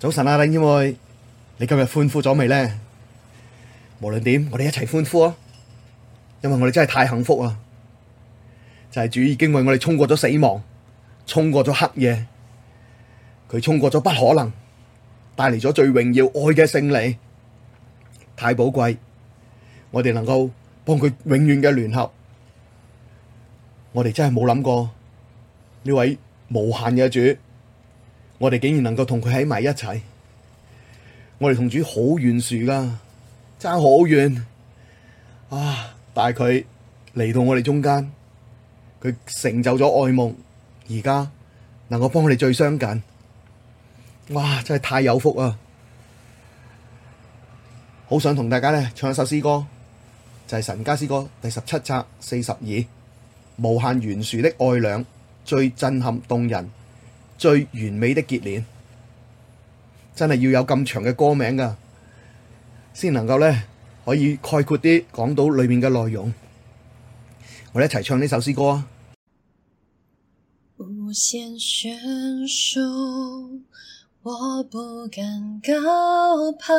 早晨啊，弟兄們，你今日歡呼咗未呢？無論點，我哋一齊歡呼啊！因為我哋真係太幸福啦，就係、是、主已經為我哋衝過咗死亡，衝過咗黑夜，佢衝過咗不可能，帶嚟咗最榮耀愛嘅勝利，太寶貴！我哋能夠幫佢永遠嘅聯合，我哋真係冇諗過呢位無限嘅主。我哋竟然能夠同佢喺埋一齊，我哋同主好懸殊噶爭好遠啊！但係佢嚟到我哋中間，佢成就咗愛夢，而家能夠幫我哋最相近，哇！真係太有福啊！好想同大家咧唱一首詩歌，就係《神家詩歌》第十七冊四十二，無限懸殊的愛倆，最震撼動人。最完美的結連，真係要有咁長嘅歌名噶，先能夠呢可以概括啲講到裏面嘅內容。我哋一齊唱呢首詩歌啊！無限懸殊，我不敢高攀，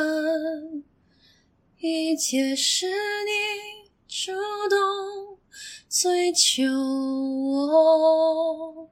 一切是你主動追求我。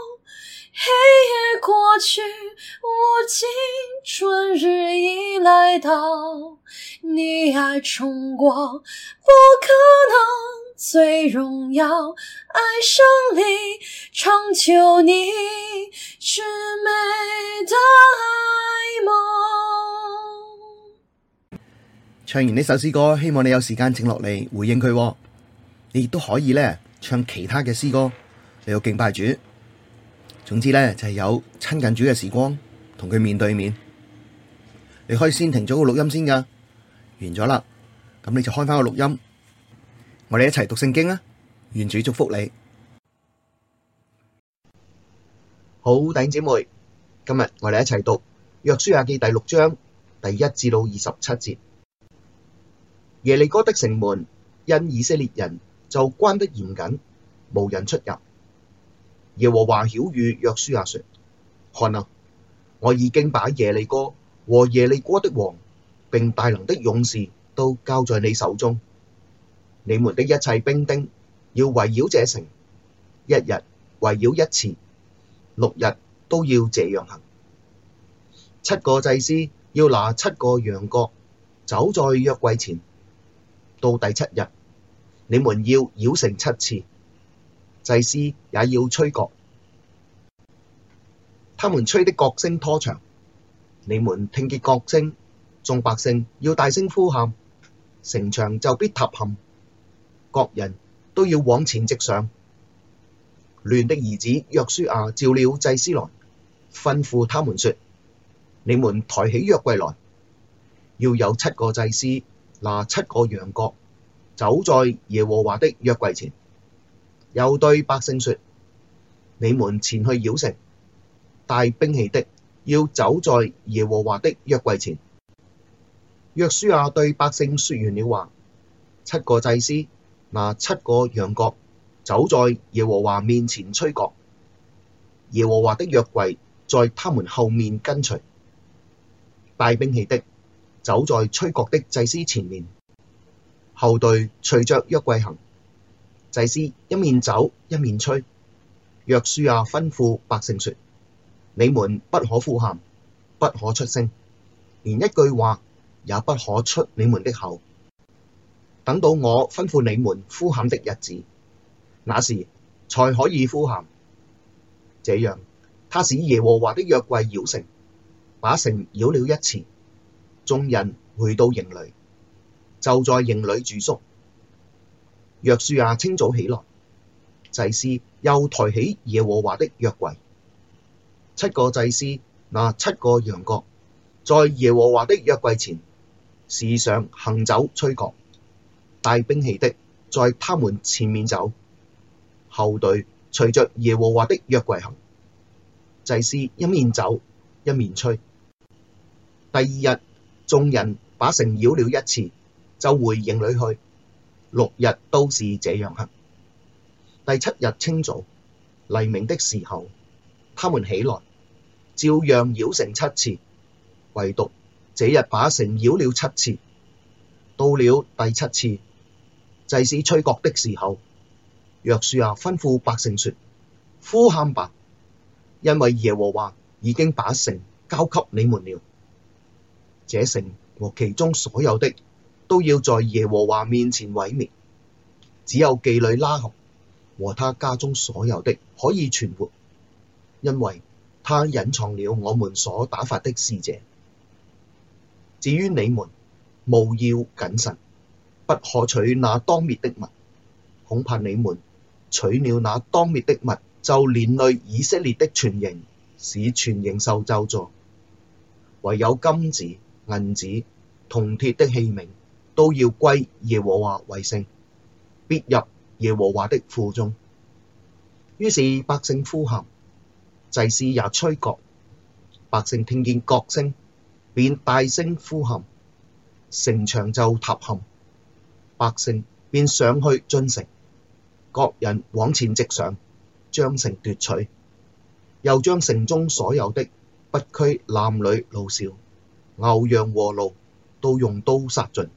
黑夜過去，無盡春日已來到，你愛衝過，不可能最榮耀，愛勝利，成就祢至美的愛夢。唱完呢首詩歌，希望你有時間靜落嚟回應佢、哦，你亦都可以呢，唱其他嘅詩歌，嚟到敬拜主。總之咧，就係、是、有親近主嘅時光，同佢面對面。你可以先停咗個錄音先噶，完咗啦，咁你就開翻個錄音，我哋一齊讀聖經啊！願主祝福你，好弟姐妹。今日我哋一齊讀《約書亞記》第六章第一至到二十七節。耶利哥的城門因以色列人就關得嚴緊，無人出入。耶和華曉諭約書亞說：看哪，我已經把耶利哥和耶利哥的王，並大能的勇士都交在你手中。你們的一切兵丁要圍繞這城，一日圍繞一次，六日都要這樣行。七個祭司要拿七個羊角走在約櫃前，到第七日，你們要繞城七次。祭司也要吹角，他們吹的角聲拖長，你們聽見角聲，眾百姓要大聲呼喊，城牆就必塌陷，各人都要往前直上。嫩的兒子約書亞召了祭司來，吩咐他們說：你們抬起約櫃來，要有七個祭司拿七個羊角，走在耶和華的約櫃前。又對百姓說：你們前去繞城，帶兵器的要走在耶和華的約櫃前。約書亞對百姓說完了話，七個祭司拿七個羊角走在耶和華面前吹角，耶和華的約櫃在他們後面跟隨，帶兵器的走在吹角的祭司前面，後隊隨着約櫃行。祭司一面走一面吹，約書亞吩咐百姓說：你們不可呼喊，不可出聲，連一句話也不可出你們的口。等到我吩咐你們呼喊的日子，那時才可以呼喊。這樣，他使耶和華的約櫃繞城，把城繞了一次。眾人回到營裡，就在營裡住宿。約書亞清早起來，祭司又抬起耶和華的約櫃，七個祭司拿七個羊角，在耶和華的約櫃前，時常行走吹角，帶兵器的在他們前面走，後隊隨着耶和華的約櫃行，祭司一面走一面吹。第二日，眾人把城繞了一次，就回營裡去。六日都是這樣行。第七日清早，黎明的時候，他們起來，照樣繞城七次，惟獨這日把城繞了七次。到了第七次，祭司吹角的時候，約書亞吩咐百姓説：呼喊吧，因為耶和華已經把城交給你們了。這城和其中所有的，都要在耶和華面前毀滅，只有妓女喇合和他家中所有的可以存活，因為他隱藏了我們所打發的使者。至於你們，務要謹慎，不可取那當滅的物。恐怕你們取了那當滅的物，就連累以色列的全營，使全營受咒詛。唯有金子、銀子、銅鐵的器皿。都要歸耶和華為聖，必入耶和華的庫中。於是百姓呼喊，祭司也吹角。百姓聽見角聲，便大聲呼喊，城牆就塌陷，百姓便上去進城，各人往前直上，將城奪取，又將城中所有的，不拘男女老少、牛羊和驢，都用刀殺盡。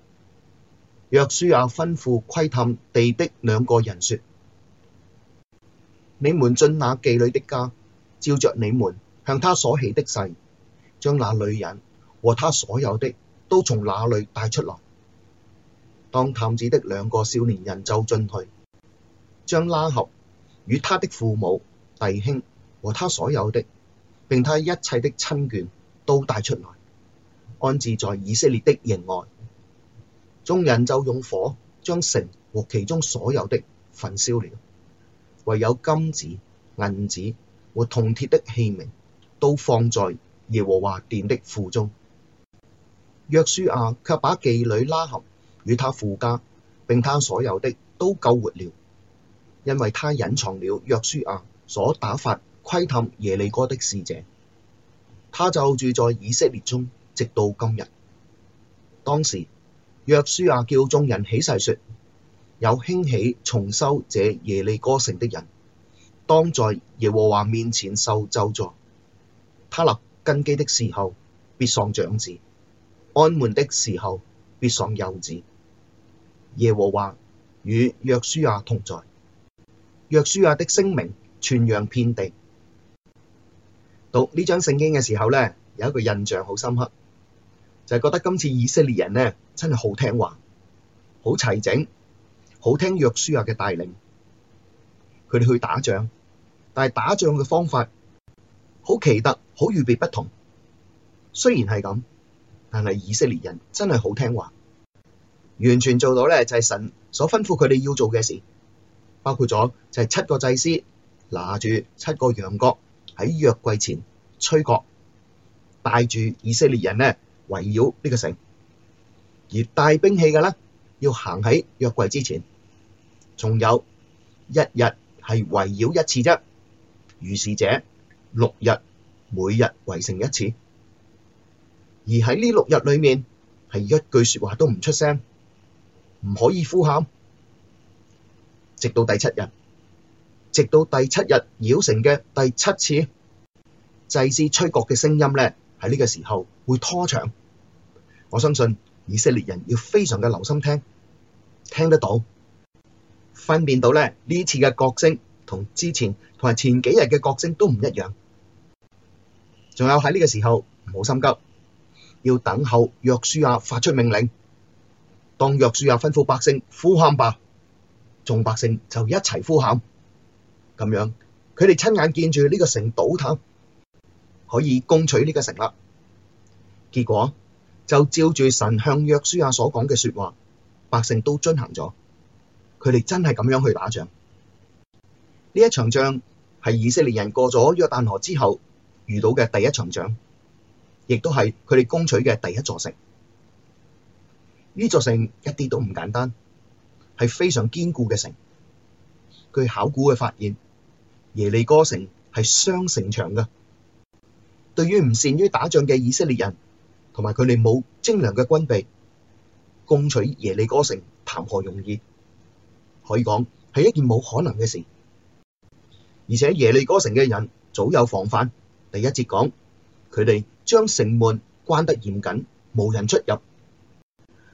約書亞吩咐窺探地的兩個人說：你們進那妓女的家，照着你們向他所起的誓，將那女人和他所有的都從那裡帶出來。當探子的兩個少年人就進去，將喇合與他的父母、弟兄和他所有的，並他一切的親眷都帶出來，安置在以色列的營外。眾人就用火將城和其中所有的焚燒了，惟有金子、銀子和銅鐵的器皿都放在耶和華殿的庫中。約書亞卻把妓女喇合與他父家，並他所有的都救活了，因為他隱藏了約書亞所打發窺探耶利哥的使者。他就住在以色列中，直到今日。當時，約書亞叫眾人起誓說：有興起重修這耶利哥城的人，當在耶和華面前受咒詛，他立根基的時候，必喪長子；安門的時候，必喪幼子。耶和華與約書亞同在。約書亞的聲名傳揚遍地。讀呢章聖經嘅時候呢，有一個印象好深刻。就係覺得今次以色列人呢，真係好聽話，好齊整，好聽約書亞嘅帶領，佢哋去打仗。但係打仗嘅方法好奇特，好預備不同。雖然係咁，但係以色列人真係好聽話，完全做到呢就係神所吩咐佢哋要做嘅事，包括咗就係七個祭司拿住七個羊角喺約櫃前吹角，帶住以色列人呢。圍繞呢個城，而帶兵器嘅咧要行喺約櫃之前，仲有一日係圍繞一次啫。如是者六日，每日圍城一次，而喺呢六日裏面係一句說話都唔出聲，唔可以呼喊，直到第七日，直到第七日繞城嘅第七次祭司吹角嘅聲音咧，喺呢個時候會拖長。我相信以色列人要非常嘅留心聽，聽得到，分辨到咧，呢次嘅角聲同之前同埋前幾日嘅角聲都唔一樣。仲有喺呢個時候唔好心急，要等候約書亞發出命令。當約書亞吩咐百姓呼喊吧，眾百姓就一齊呼喊，咁樣佢哋親眼見住呢個城倒塌，可以攻取呢個城啦。結果。就照住神向約書亞所講嘅說話，百姓都遵行咗。佢哋真係咁樣去打仗。呢一場仗係以色列人過咗約旦河之後遇到嘅第一場仗，亦都係佢哋攻取嘅第一座城。呢座城一啲都唔簡單，係非常堅固嘅城。據考古嘅發現，耶利哥城係雙城牆㗎。對於唔善於打仗嘅以色列人，同埋佢哋冇精良嘅軍備，攻取耶利哥城談何容易？可以講係一件冇可能嘅事。而且耶利哥城嘅人早有防範。第一節講佢哋將城門關得嚴緊，無人出入。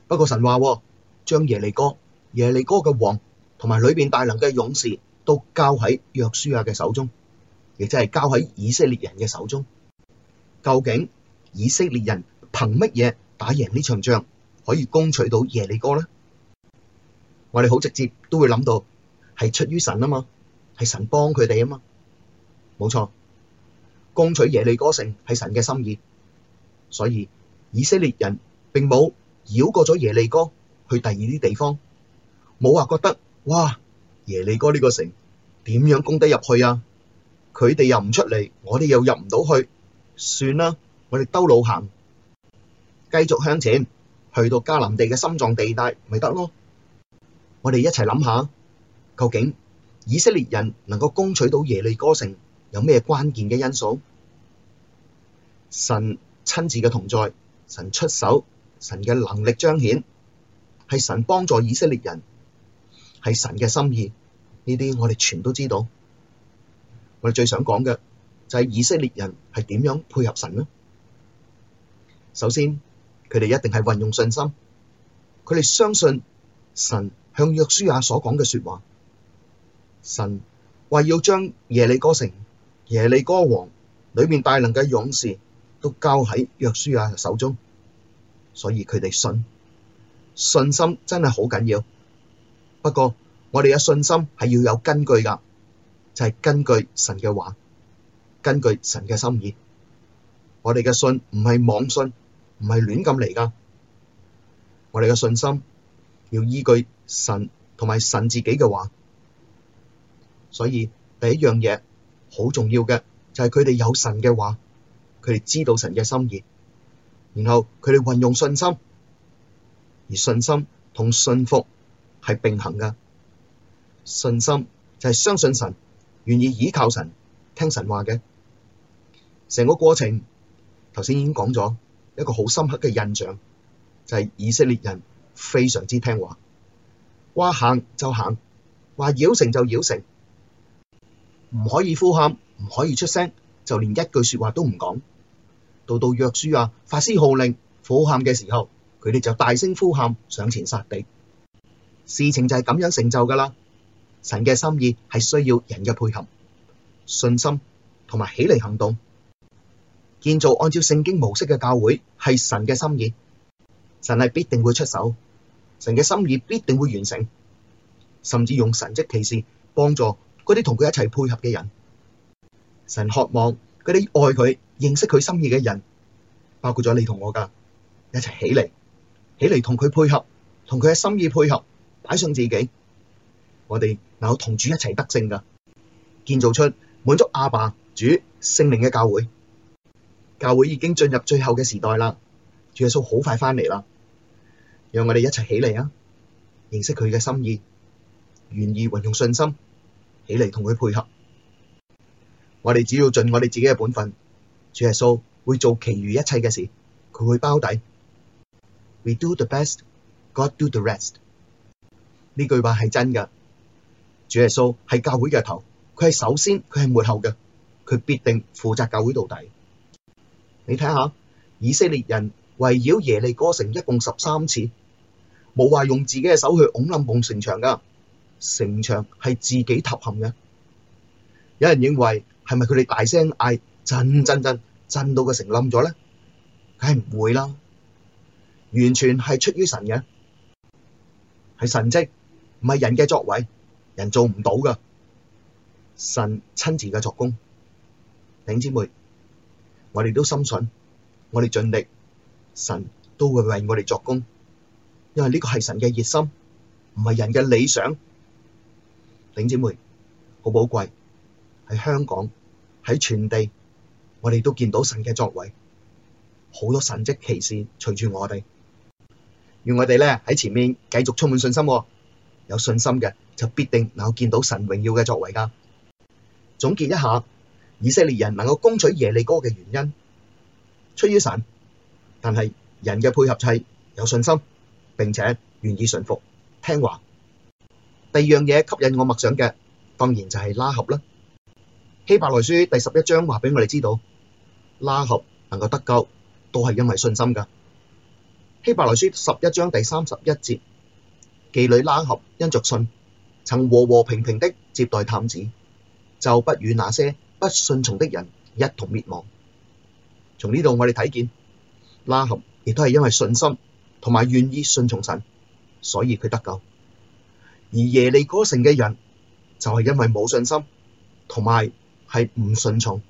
不過神話將耶利哥耶利哥嘅王同埋裏邊大能嘅勇士都交喺約書亞嘅手中，亦即係交喺以色列人嘅手中。究竟以色列人，憑乜嘢打贏呢場仗可以攻取到耶利哥咧？我哋好直接都會諗到係出於神啊嘛，係神幫佢哋啊嘛，冇錯，攻取耶利哥城係神嘅心意，所以以色列人並冇繞過咗耶利哥去第二啲地方，冇話覺得哇耶利哥呢個城點樣攻得入去啊？佢哋又唔出嚟，我哋又入唔到去，算啦，我哋兜路行。繼續向前去到迦南地嘅心臟地帶，咪得咯。我哋一齊諗下，究竟以色列人能夠攻取到耶利哥城，有咩關鍵嘅因素？神親自嘅同在，神出手，神嘅能力彰顯，係神幫助以色列人，係神嘅心意。呢啲我哋全都知道。我哋最想講嘅就係以色列人係點樣配合神呢？首先。佢哋一定係運用信心，佢哋相信神向約書亞所講嘅說話。神話要將耶利哥城、耶利哥王裏面大能嘅勇士都交喺約書亞手中，所以佢哋信，信心真係好緊要。不過我哋嘅信心係要有根據噶，就係根據神嘅話，根據神嘅心意。我哋嘅信唔係妄信。唔係亂咁嚟噶，我哋嘅信心要依據神同埋神自己嘅話。所以第一樣嘢好重要嘅就係佢哋有神嘅話，佢哋知道神嘅心意，然後佢哋運用信心，而信心同信服係並行噶。信心就係相信神，願意倚靠神，聽神話嘅。成個過程頭先已經講咗。一個好深刻嘅印象就係、是、以色列人非常之聽話，話行就行，話繞城就繞城，唔可以呼喊，唔可以出聲，就連一句說話都唔講。到到約書亞發施號令呼喊嘅時候，佢哋就大聲呼喊上前殺敵，事情就係咁樣成就㗎喇。神嘅心意係需要人嘅配合、信心同埋起嚟行動。建造按照聖經模式嘅教會係神嘅心意，神係必定會出手，神嘅心意必定會完成，甚至用神蹟奇事幫助嗰啲同佢一齊配合嘅人。神渴望嗰啲愛佢、認識佢心意嘅人，包括咗你同我噶，一齊起嚟，起嚟同佢配合，同佢嘅心意配合，擺上自己，我哋能夠同主一齊得勝噶，建造出滿足阿爸主聖靈嘅教會。教會已經進入最後嘅時代啦，主耶穌好快翻嚟啦，讓我哋一齊起嚟啊！認識佢嘅心意，願意運用信心起嚟同佢配合。我哋只要盡我哋自己嘅本分，主耶穌會做其餘一切嘅事，佢會包底。We do the best, God do the rest。呢句話係真㗎，主耶穌係教會嘅頭，佢係首先，佢係末後嘅，佢必定負責教會到底。你睇下，以色列人圍繞耶利哥城一共十三次，冇話用自己嘅手去拱冧崩城牆噶，城牆係自己塌陷嘅。有人認為係咪佢哋大聲嗌，震震震震，震，震到個城冧咗咧？梗係唔會啦，完全係出於神嘅，係神蹟，唔係人嘅作為，人做唔到噶，神親自嘅作工，頂姊妹。我哋都深信，我哋盡力，神都會為我哋作工，因為呢個係神嘅熱心，唔係人嘅理想。弟兄姊妹，好寶貴，喺香港，喺全地，我哋都見到神嘅作為，好多神蹟奇事隨住我哋，要我哋咧喺前面繼續充滿信心、哦，有信心嘅就必定能夠見到神榮耀嘅作為噶。總結一下。以色列人能夠攻取耶利哥嘅原因出於神，但係人嘅配合就係有信心並且願意順服聽話。第二樣嘢吸引我默想嘅當然就係喇合啦。希伯來書第十一章話畀我哋知道，喇合能夠得救都係因為信心㗎。希伯來書十一章第三十一節，妓女喇合因着信，曾和和平平的接待探子，就不與那些不順從的人一同滅亡。從呢度我哋睇見拉合亦都係因為信心同埋願意順從神，所以佢得救。而耶利哥城嘅人就係、是、因為冇信心同埋係唔順從，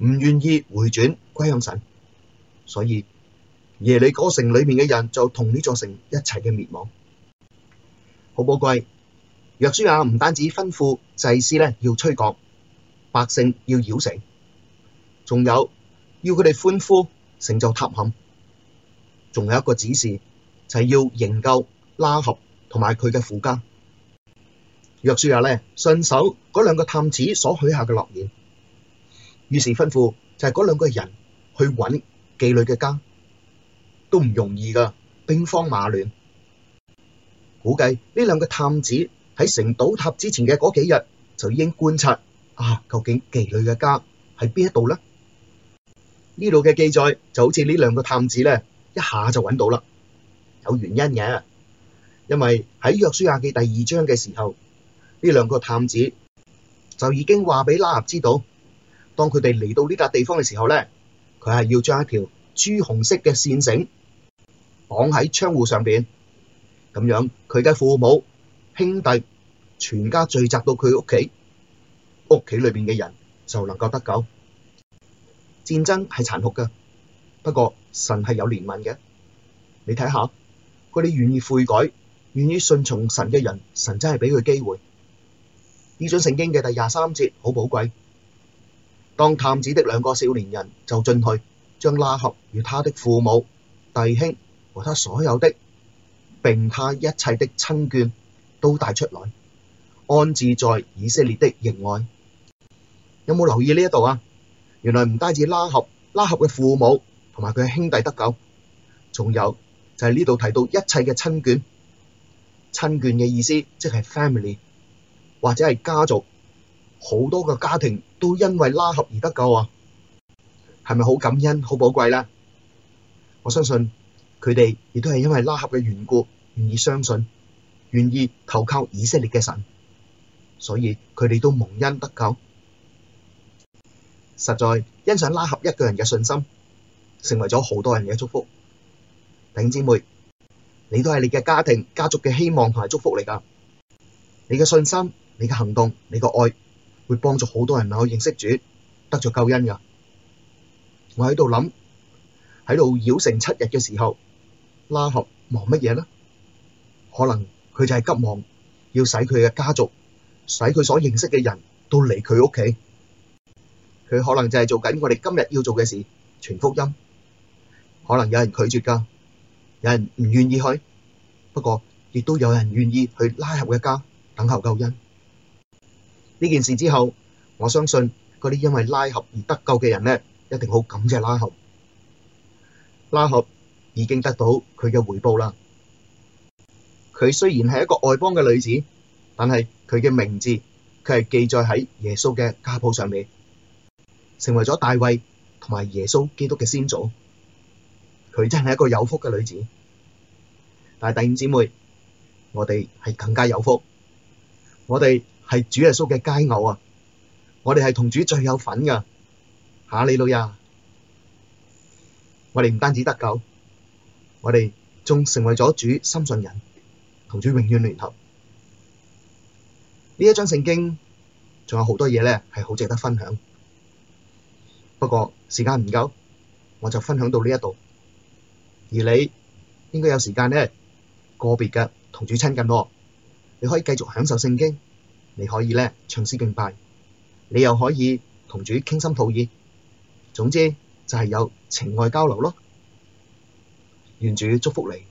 唔願意回轉歸向神，所以耶利哥城裏面嘅人就同呢座城一齊嘅滅亡。好寶貴，約書亞唔單止吩咐祭司呢，要吹角。百姓要繞城，仲有要佢哋歡呼，成就塌陷。仲有一個指示，就係要營救喇合同埋佢嘅父家。約書亞咧信守嗰兩個探子所許下嘅諾言，於是吩咐就係嗰兩個人去揾妓女嘅家，都唔容易噶，兵荒馬亂。估計呢兩個探子喺城倒塌之前嘅嗰幾日就已經觀察。啊！究竟妓女嘅家喺邊一度呢？呢度嘅記載就好似呢兩個探子咧，一下就揾到啦。有原因嘅，因為喺約書亞記第二章嘅時候，呢兩個探子就已經話俾喇合知道，當佢哋嚟到呢笪地方嘅時候咧，佢係要將一條朱紅色嘅線繩綁喺窗戶上邊，咁樣佢嘅父母、兄弟、全家聚集到佢屋企。屋企裏面嘅人就能夠得救。戰爭係殘酷嘅，不過神係有憐憫嘅。你睇下，佢哋願意悔改、願意順從神嘅人，神真係俾佢機會。呢章聖經嘅第廿三節好寶貴。當探子的兩個少年人就進去，將喇合與他的父母、弟兄和他所有的，並他一切的親眷都帶出來，安置在以色列的營外。有冇留意呢一度啊？原來唔單止喇合、喇合嘅父母同埋佢嘅兄弟得救，仲有就係呢度提到一切嘅親眷。親眷嘅意思即係 family 或者係家族，好多嘅家庭都因為喇合而得救啊！係咪好感恩、好寶貴咧？我相信佢哋亦都係因為喇合嘅緣故，願意相信、願意投靠以色列嘅神，所以佢哋都蒙恩得救。實在欣賞喇合一個人嘅信心，成為咗好多人嘅祝福。弟兄姊妹，你都係你嘅家庭家族嘅希望同埋祝福嚟噶。你嘅信心、你嘅行動、你個愛，會幫助好多人能夠認識主，得咗救恩噶。我喺度諗，喺度繞城七日嘅時候，喇合忙乜嘢呢？可能佢就係急忙要使佢嘅家族，使佢所認識嘅人都嚟佢屋企。佢可能就係做緊我哋今日要做嘅事，傳福音。可能有人拒絕噶，有人唔願意去，不過亦都有人願意去喇合嘅家等候救恩。呢件事之後，我相信嗰啲因爲喇合而得救嘅人呢，一定好感謝喇合。喇合已經得到佢嘅回報啦。佢雖然係一個外邦嘅女子，但係佢嘅名字佢係記載喺耶穌嘅家譜上面。成為咗大衛同埋耶穌基督嘅先祖，佢真係一個有福嘅女子。但係第五姊妹，我哋係更加有福，我哋係主耶穌嘅佳偶啊！我哋係同主最有份噶吓，你老呀！我哋唔單止得救，我哋仲成為咗主深信人，同主永遠聯合。呢一章聖經仲有好多嘢咧，係好值得分享。間不過時間唔夠，我就分享到呢一度。而你應該有時間呢個別嘅同主親近咯。你可以繼續享受聖經，你可以咧唱詩，敬拜,你又可以同主傾心吐意。總之就係有情愛交流咯。願主祝福你。